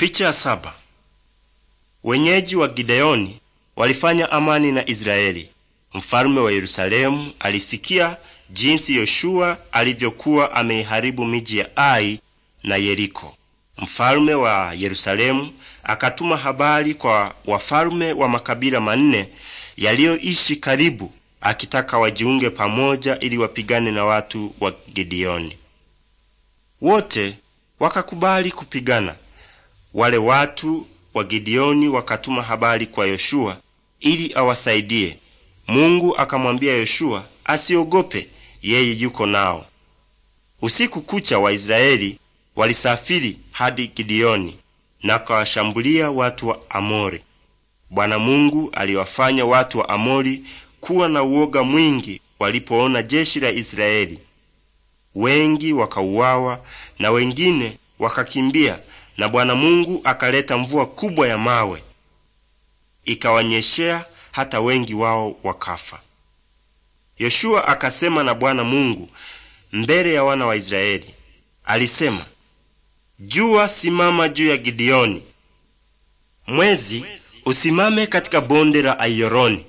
Picha ya saba. Wenyeji wa Gideoni walifanya amani na Israeli. Mfalme wa Yerusalemu alisikia jinsi Yoshua alivyokuwa ameiharibu miji ya Ai na Yeriko. Mfalme wa Yerusalemu akatuma habari kwa wafalme wa makabila manne yaliyoishi karibu, akitaka wajiunge pamoja ili wapigane na watu wa Gideoni. Wote wakakubali kupigana. Wale watu wa Gideoni wakatuma habari kwa Yoshua ili awasaidie. Mungu akamwambia Yoshua asiogope, yeye yuko nao. Usiku kucha Waisraeli walisafiri hadi Gideoni na kawashambulia watu wa Amori. Bwana Mungu aliwafanya watu wa Amori kuwa na uoga mwingi walipoona jeshi la Israeli. Wengi wakauawa na wengine wakakimbia na Bwana Mungu akaleta mvua kubwa ya mawe ikawanyeshea, hata wengi wao wakafa. Yoshua akasema na Bwana Mungu mbele ya wana wa Israeli, alisema, jua simama juu ya Gideoni, mwezi usimame katika bonde la Aiyoroni.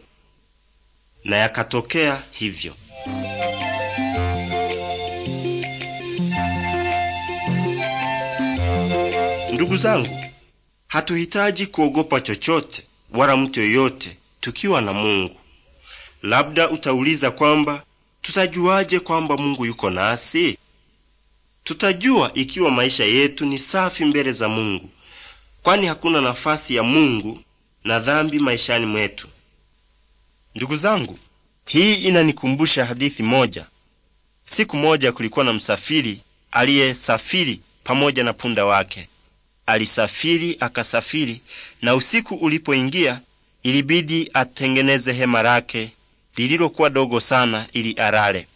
Na yakatokea hivyo. Ndugu zangu, hatuhitaji kuogopa chochote wala mtu yoyote tukiwa na Mungu. Labda utauliza kwamba tutajuaje kwamba Mungu yuko nasi? Tutajua ikiwa maisha yetu ni safi mbele za Mungu, kwani hakuna nafasi ya Mungu na dhambi maishani mwetu. Ndugu zangu, hii inanikumbusha hadithi moja. Siku moja kulikuwa na msafiri aliyesafiri pamoja na punda wake alisafiri akasafiri, na usiku ulipoingia ilibidi atengeneze hema lake lililokuwa dogo sana ili alale.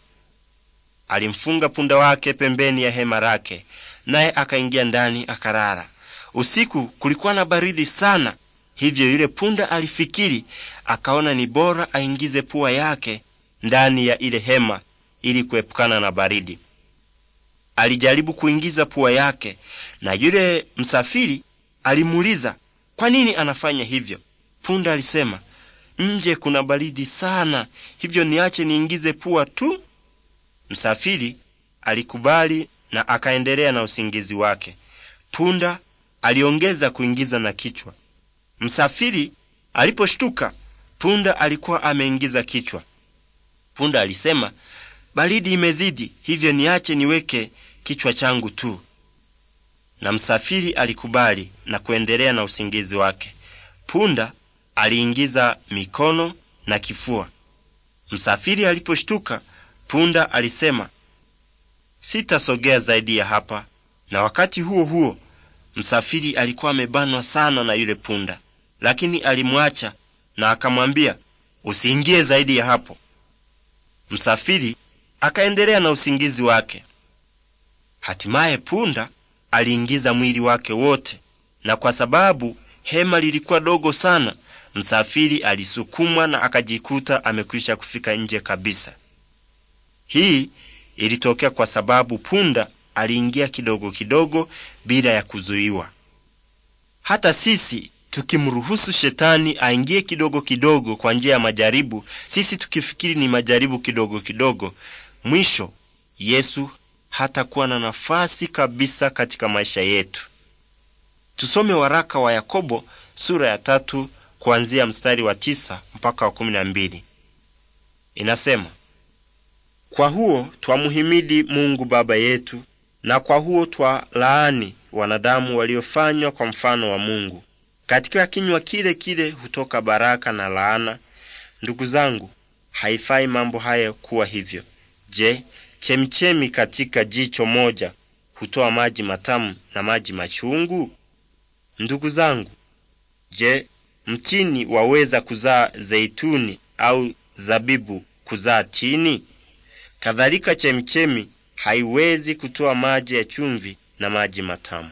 Alimfunga punda wake pembeni ya hema lake, naye akaingia ndani akalala. Usiku kulikuwa na baridi sana, hivyo yule punda alifikiri, akaona ni bora aingize pua yake ndani ya ile hema ili kuepukana na baridi alijaribu kuingiza pua yake, na yule msafiri alimuuliza kwa nini anafanya hivyo. Punda alisema, nje kuna baridi sana, hivyo niache niingize pua tu. Msafiri alikubali na akaendelea na usingizi wake. Punda aliongeza kuingiza na kichwa. Msafiri aliposhtuka, punda alikuwa ameingiza kichwa. Punda alisema, baridi imezidi, hivyo niache niweke kichwa changu tu. Na msafiri alikubali na kuendelea na usingizi wake. Punda aliingiza mikono na kifua. Msafiri aliposhtuka, punda alisema, sitasogea zaidi ya hapa. Na wakati huo huo msafiri alikuwa amebanwa sana na yule punda, lakini alimwacha na akamwambia, usiingie zaidi ya hapo. Msafiri akaendelea na usingizi wake. Hatimaye punda aliingiza mwili wake wote, na kwa sababu hema lilikuwa dogo sana, msafiri alisukumwa na akajikuta amekwisha kufika nje kabisa. Hii ilitokea kwa sababu punda aliingia kidogo kidogo bila ya kuzuiwa. Hata sisi tukimruhusu shetani aingie kidogo kidogo kwa njia ya majaribu, sisi tukifikiri ni majaribu kidogo kidogo, mwisho Yesu hatakuwa na nafasi kabisa katika maisha yetu. Tusome waraka wa Yakobo sura ya tatu kuanzia mstari wa tisa mpaka wa kumi na mbili. Inasema, kwa huo twamuhimidi Mungu Baba yetu, na kwa huo twa laani wanadamu waliofanywa kwa mfano wa Mungu. Katika kinywa kile kile hutoka baraka na laana. Ndugu zangu, haifai mambo hayo kuwa hivyo. Je, chemchemi katika jicho moja hutoa maji matamu na maji machungu? Ndugu zangu, je, mtini waweza kuzaa zeituni au zabibu kuzaa tini? Kadhalika chemchemi haiwezi kutoa maji ya chumvi na maji matamu.